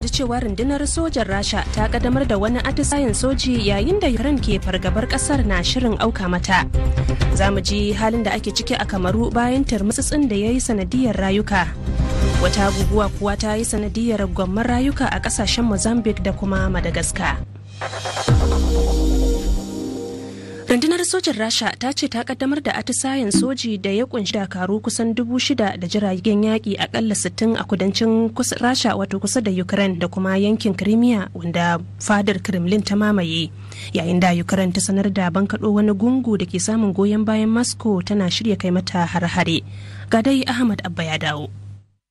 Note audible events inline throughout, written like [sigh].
da cewa rundunar sojan rasha ta kaddamar da wani atisayen soji yayin da yaran ke fargabar kasar na shirin auka mata za mu ji halin da ake ciki a kamaru bayan turmutsutsin da ya yi sanadiyar rayuka wata guguwa kuwa ta yi sanadiyar gwamman rayuka a kasashen mozambique da kuma madagascar rundunar sojin rasha ta ce ta kaddamar da atisayen soji da ya kunshi dakaru kusan dubu shida da jiragen yaƙi akalla sittin a kudancin rasha wato kusa da ukraine da kuma yankin crimea wanda fadar kremlin ta mamaye yayin da ukraine ta sanar da bankaɗo wani gungu da ke samun goyon bayan moscow tana shirya kai mata har-hare ga dai ahmad abba ya dawo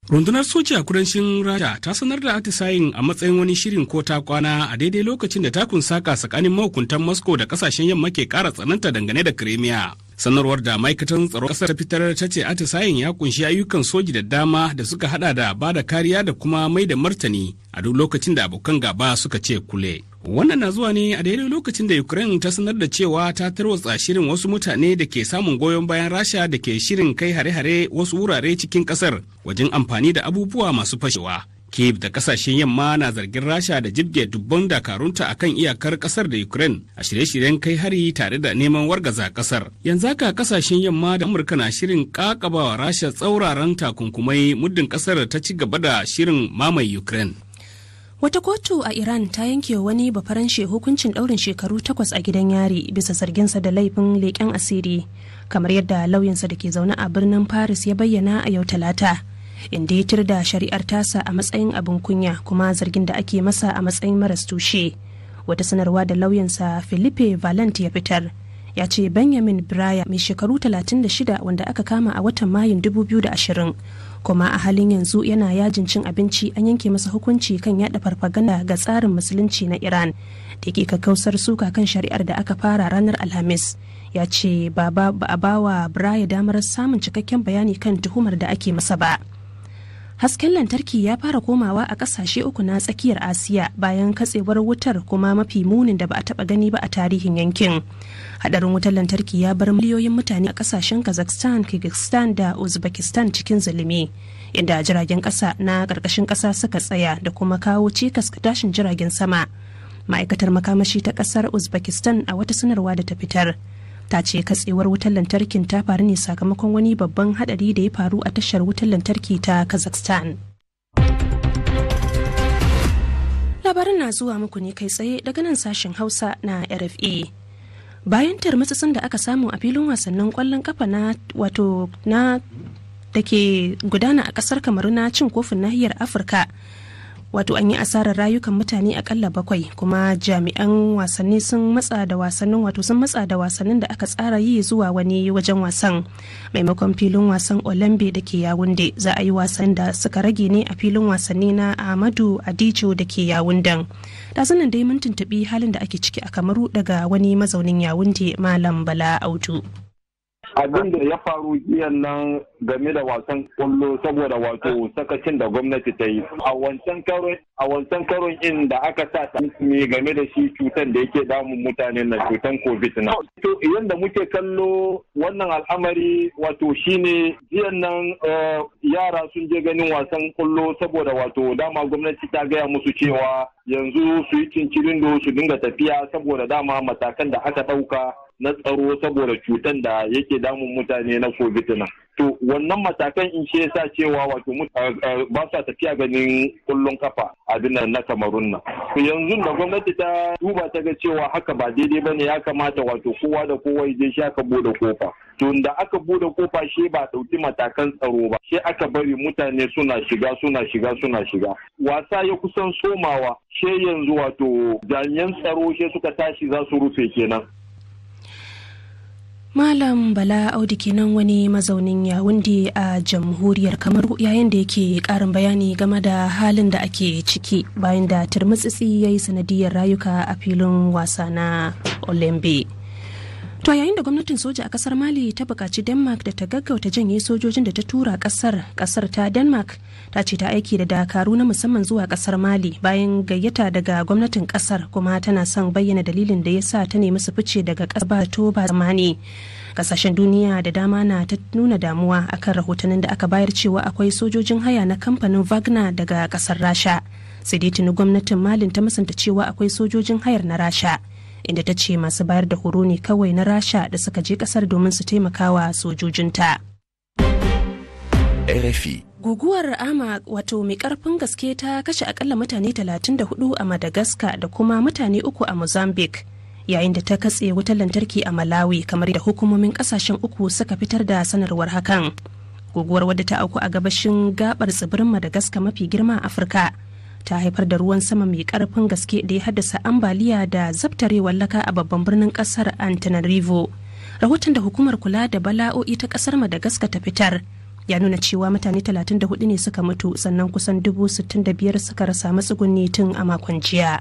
rundunar soja a kudancin rasha ta sanar da atisayin a matsayin wani shirin ko ta kwana a daidai lokacin da takun saka tsakanin mahukuntan moscow da kasashen yamma ke kara tsananta dangane da crimea sanarwar da ma'aikatan tsaron kasar ta fitar ta ce atisayin ya kunshi ayyukan soji da dama da suka hada da bada kariya da kuma mai da martani a duk lokacin da abokan gaba suka ce kule Wannan na zuwa ne a daidai lokacin da Ukraine ta sanar da cewa ta tarwatsa shirin wasu mutane da ke samun goyon bayan Rasha da ke shirin kai hare-hare wasu wurare cikin ƙasar wajen amfani da abubuwa masu fashewa. Kiev da kasashen yamma na zargin Rasha da jibge dubban dakarunta a kan iyakar kasar da Ukraine a shirye-shiryen kai hari tare da neman wargaza kasar. Yanzu haka kasashen yamma da Amurka na shirin kakabawa Rasha tsauraran takunkumai muddin kasar ta ci gaba da shirin mamaye Ukraine. Wata kotu a Iran ta yanke wa wani she hukuncin ɗaurin shekaru takwas a gidan yari bisa zarginsa da laifin leƙen asiri, kamar yadda lauyinsa da ke zaune a birnin Paris ya bayyana a yau Talata, inda ya tirda shari'ar tasa a matsayin abin kunya kuma zargin da ake masa a matsayin maras tushe. Wata sanarwa da lauyinsa Philippe Valent ya fitar. ya ce benjamin braya mai shekaru talatin da shida wanda aka kama a watan mayun 2020 kuma a halin yanzu yana yajin cin abinci an yanke masa hukunci kan yada farfaganda ga tsarin musulunci na iran da ke kakkausar suka kan shari'ar da aka fara ranar alhamis ya ce ba a bawa braya damar samun cikakken bayani kan tuhumar da ake masa ba. hasken lantarki ya fara komawa a kasashe uku na tsakiyar asiya bayan katsewar wutar kuma mafi munin da ba a taba gani ba a tarihin yankin hadarin wutar lantarki ya bar miliyoyin mutane a kasashen kazakhstan kyrgyzstan da uzbekistan cikin zulumi inda jiragen kasa na karkashin kasa suka tsaya da kuma kawo cikas tashin jiragen sama ma'aikatar makamashi ta kasar uzbekistan a wata sanarwa da ta fitar ta ce katsewar wutar lantarkin ta faru ne sakamakon wani babban hadari da ya faru a tashar wutar lantarki ta kazakhstan labarin na zuwa muku ne kai tsaye daga nan sashen hausa na rfa bayan tarmatsatsin da aka samu a filin wasannin kwallon kafa na wato na da ke gudana a kasar kamaru na cin kofin nahiyar afirka wato an yi asarar rayukan mutane akalla bakwai kuma jami'an wasanni sun matsa da wasannin wato sun matsa da wasannin da aka tsara yi zuwa wani wajen wasan maimakon filin wasan olambe da ke yawunde za a yi wasan da suka rage ne a filin wasanni na ahmadu adijo da ke yawundan sanin dai mun tuntubi halin da ake ciki a kamaru daga wani mazaunin yawunde malam bala audu abin da ya faru iyan nan game da wasan kwallo saboda wato sakacin da gwamnati ta yi a wancan karon a wancan karon in da aka sa ne game da shi cutan da yake damun mutane na cutan covid na to yanda muke kallo wannan al'amari wato shine iyan nan eh, yara sun je ganin wasan kwallo saboda wato dama gwamnati ta gaya musu cewa yanzu su yi cincirindo su dinga tafiya saboda dama matakan da aka ɗauka na tsaro saboda cutan da yake damun mutane na covid na to wannan matakan in ce sa cewa wato eh, eh, ba sa tafiya ganin kullun kafa a nan na kamarun nan to yanzu da gwamnati ta duba ta ga cewa haka ba daidai bane ya kamata wato kowa da kowa ya je shi aka bude kofa to da aka bude kofa shi ba dauki matakan tsaro ba shi aka bari mutane suna shiga suna shiga suna shiga wasa ya kusan somawa she yanzu wato jami'an tsaro shi suka tashi za su rufe kenan Malam Bala Audu kenan wani mazaunin Yawunde a jamhuriyar Kamaru yayin da yake karin bayani game da halin da ake ciki bayan da turmutsitsi ya yi sanadiyar rayuka a filin wasa na Olembe. To yayin da gwamnatin soja a kasar Mali ta bukaci Denmark da ta gaggauta janye sojojin da ta tura kasar kasar ta Denmark ta ce ta aiki da dakaru na musamman zuwa kasar Mali bayan gayyata daga gwamnatin kasar kuma tana son bayyana dalilin da ya sa ta nemi su fice daga kasar ba to ba zamani. Kasashen duniya da dama na ta nuna damuwa akan rahotannin da aka bayar cewa akwai sojojin haya na kamfanin Wagner daga kasar Rasha. Sai dai gwamnatin Malin ta musanta cewa akwai sojojin hayar na Rasha. inda ta ce masu bayar da horo ne kawai na rasha da suka je kasar domin su taimakawa sojojinta. Guguwar Ama wato mai karfin gaske ta kashe akalla mutane 34 a Madagascar da kuma mutane uku a Mozambique. Yayin da ta katse wutar lantarki a Malawi kamar da hukumomin kasashen uku suka fitar da sanarwar hakan. Guguwar wadda ta auku a gabashin gabar tsibirin Madagascar mafi girma a Afirka. ta haifar da ruwan sama mai karfin gaske da ya haddasa ambaliya da zabtarewar wallaka a babban birnin kasar antananarivo rahoton da hukumar kula da bala'o'i ta kasar madagaska ta fitar ya nuna cewa mutane 34 ne suka mutu sannan kusan 65,000 suka rasa matsugunni tun a makon jiya.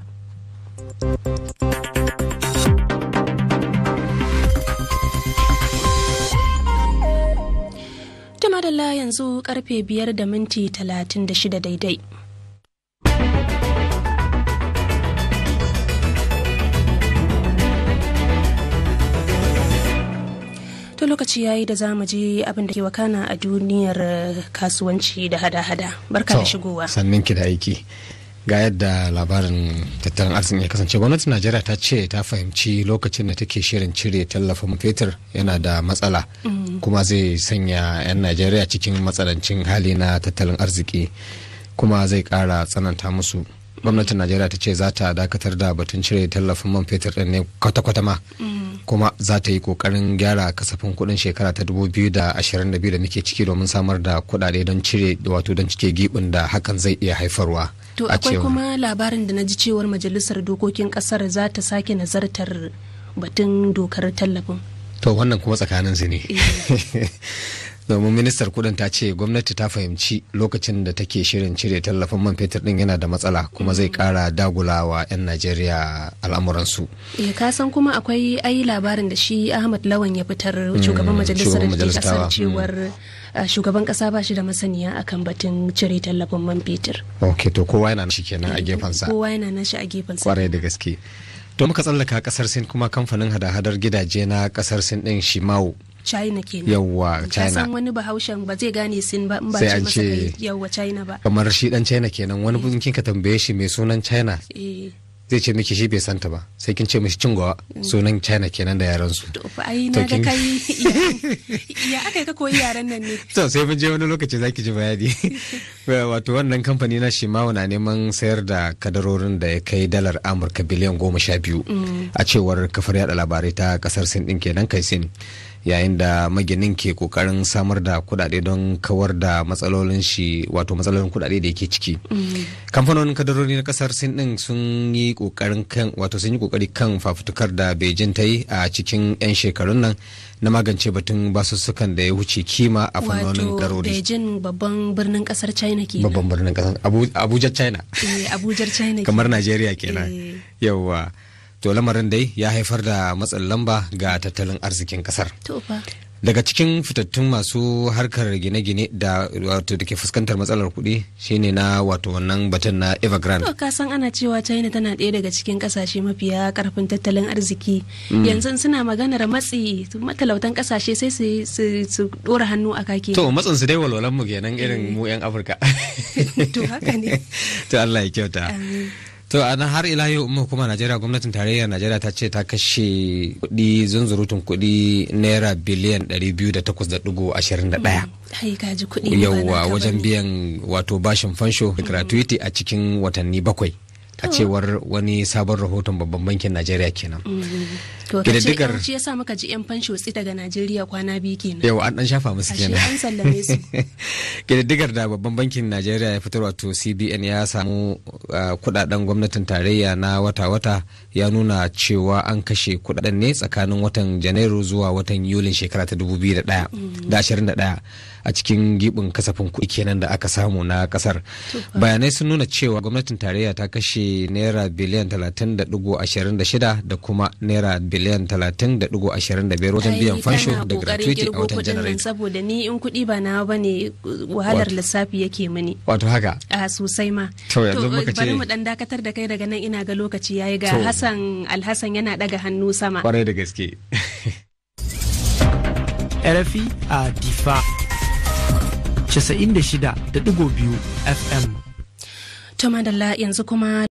madalla yanzu karfe biyar da minti 36 daidai to lokaci yayi da zamu je abin da ke wakana a duniyar eh, kasuwanci da hada-hada barka da shigowa sannan ki da aiki ga yadda labarin tattalin arzikin ya kasance gwamnatin najeriya ta ce ta fahimci lokacin da take shirin cire tallafin fetur yana da matsala mm. kuma zai sanya 'yan najeriya cikin matsalancin hali na tattalin arziki kuma zai kara tsananta musu gwamnatin najeriya ta ce za ta dakatar da batun cire tallafin man fetur ɗin ne kwata-kwata ma mm. kuma za ta yi kokarin gyara kasafin kudin shekara ta 2022 da muke ciki domin samar da kudade don cire wato don cike gibin da hakan zai iya haifarwa to akwai kuma labarin da na ji cewar majalisar dokokin kasar za ta sake nazartar batun dokar tallafin to wannan kuma tsakanin su ne eh. [laughs] domin ministar kudin ta ce gwamnati ta fahimci lokacin da take shirin cire tallafin man fetur din yana da matsala kuma zai kara dagulawa 'yan najeriya al'amuransu ya eh, kasan kuma akwai ayi labarin da shi ahmad lawan ya fitar shugaban mm, majalisar kasar cewar mm. ah, shugaban kasa ba shi da masaniya akan batun cire tallafin man fetur ok to kowa yana nashi kenan a eh, gefensa kowa yana nashi a gefensa kwarai da gaske to muka tsallaka kasar sin kuma kamfanin hada-hadar gidaje na kasar sin din shimau china kenan yawwa china san wani bahaushen ba zai gane sin ba in ba ce masa yawwa china ba kamar shi dan china kenan wani eh. in kin ka tambaye shi mai sunan china eh. zai ce miki shi bai santa ba sai kin ce mishi cingawa mm. sunan china kenan da yaran su to ai na ga kai ya aka ka koyi yaran nan ne to sai mun je wani lokaci zaki ji bayani [laughs] wato wannan kamfani na Shimawa na neman sayar da kadarorin da ya kai dalar Amurka biliyan goma sha biyu mm. a cewar kafar yada labarai ta kasar Sin din kenan kai Sin yayin da maginin ke kokarin samar da kudade don kawar da matsalolin shi wato matsalolin kudade da yake ciki mm-hmm. kamfanonin kadarori na kasar sin din sun yi kokarin kan wato sun yi kokari kan fafutukar da beijing ta yi a cikin 'yan shekarun nan na magance batun basussukan da ya wuce kima a fannonin darori. Wato Beijing babban birnin kasar China ke Babban birnin kasar Abuja China. Eh, Abuja China. [laughs] Kamar Najeriya kenan. Eh. Yawwa. to lamarin dai ya haifar da matsin lamba ga tattalin arzikin kasar daga cikin fitattun masu harkar gine-gine da wato da ke fuskantar matsalar kuɗi shine na wato wannan batun na evergrande to kasan ana cewa china tana ɗaya daga cikin ƙasashe mafiya ƙarfin tattalin arziki mm. yanzu suna maganar matsi matalautan ƙasashe sai su ɗora hannu a kake to matsin su dai walwalan mu kenan irin mu yan eh. afirka [laughs] to haka ne [laughs] to allah ya kyauta to a har ila yau mu kuma najeriya gwamnatin tarayyar najeriya ta ce ta kashe kudi zunzurutun kudi naira biliyan 208.21 mm. yauwa wajen biyan wato bashin fansho gratuity a cikin watanni bakwai a cewar wani sabon rahoton babban bankin najeriya kenan kididdigar mm. ya sa muka ji yan fanshi daga najeriya kwana biyu kenan yau an dan shafa musu kenan an sallame su kididdigar [laughs] da babban bankin najeriya ya fitar wato cbn ya samu kudaden gwamnatin tarayya na wata-wata ya nuna cewa an kashe kudaden ne tsakanin watan janairu zuwa watan yulin shekara ta da ɗaya. Mm. a cikin gibin kasafin kuɗi kenan da aka samu na kasar bayanai sun nuna cewa gwamnatin tarayya ta kashe naira biliyan 30.26 da kuma naira biliyan 30.25 wajen biyan fansho da gratuity a watan janairu saboda ni in kuɗi ba na ne wahalar lissafi yake mini wato haka a ah, sosai ma to bari mu dan dakatar da kai daga nan ina ga lokaci yayi ga Hassan Alhassan yana daga hannu sama kwarai da gaske [laughs] RFI a Difa 96.2 FM. Tuma yanzu kuma